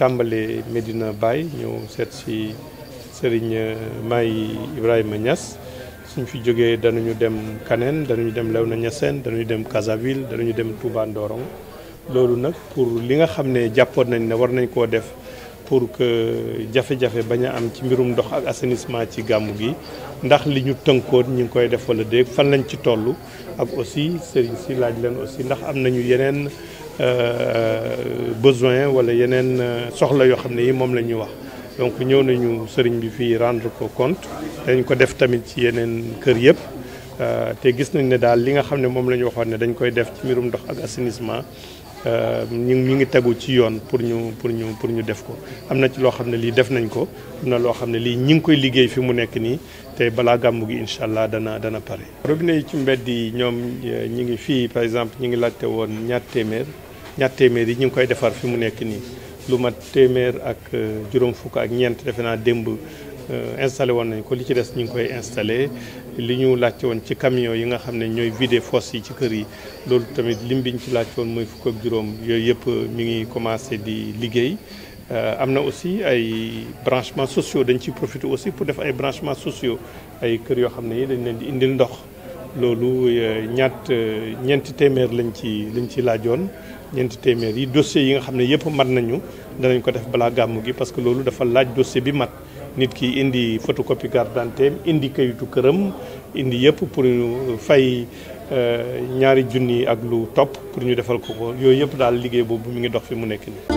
tàmbalee Medina Baye ñëw seet si Serigne Maye Ibrahima ñas suñ fi jógee danañu dem Kaneen danañu dem Léona Niassène danañu dem Casaville danañu dem Touba Ndorong loolu nag pour li nga xam ne jàppoon nañ ne war nañ koo def pour que jafe-jafe bañ a am ci mbirum ndox ak assainissement ci gàmmu gi ndax li ñu tënkoon ñu ngi koy def wala déeg fan lañ ci toll ak aussi Serigne si laaj leen aussi ndax am nañu yeneen Euh, besoin wala yeneen euh, soxla yoo xam ne yi moom lañuy wax donc ñëw nañu sëriñ bi fii rendre ko compte dañ ko def tamit ci yeneen kër yëpp euh, te gis nañ ne daal li nga xam ne moom la ñu waxoon ne dañ koy def ci mbirum ndox ak assainissement ñu ñu ngi tegu ci yoon pour ñu pour ñu pour ñu def ko am na ci loo xam ne lii def nañ ko am na loo xam ne lii ñi ngi koy liggéey fi mu nekk nii te balaa gàmmu gi incha allah dana dana pare. robinet yi ci mbedd yi ñoom ñi ngi fii par exemple ñi ngi laajte woon ñaar téeméer. ñaar téeméer yi ñu ngi koy defar fi mu nekk nii lu mat téeméer ak euh, juróom fukk ak ñeent defe naa démb euh, installé woon nañ ko li ci des ñu ngi koy installé li ñu laajte woon ci camion yi nga xam ne ñooy vider fosse yi ci kër yi loolu tamit lim bi ñu ci laajte woon mooy fukk ak juróom yooyu yëpp ñu ngi commencé di liggéey euh, am na aussi ay branchements sociaux dañ ciy profité aussi pour def ay branchements sociaux ay kër yoo xam ne yi dañ leen di indil ndox loolu ñaat ñeenti téeméer lañ ci lañ ci laajoon ñeenti téeméer yi dossiers yi nga xam ne yëpp mat nañu danañ ko def balaa gàmmu gi parce que loolu dafa laaj dossier bi mat nit ki indi photocopie carte d'identité indi kayitu këram indi yëpp pour ñu fay euh, ñaari junni ak lu topp pour ñu defal ko ko yooyu yëpp daal liggéey boobu mu ngi dox fi mu nekk nii.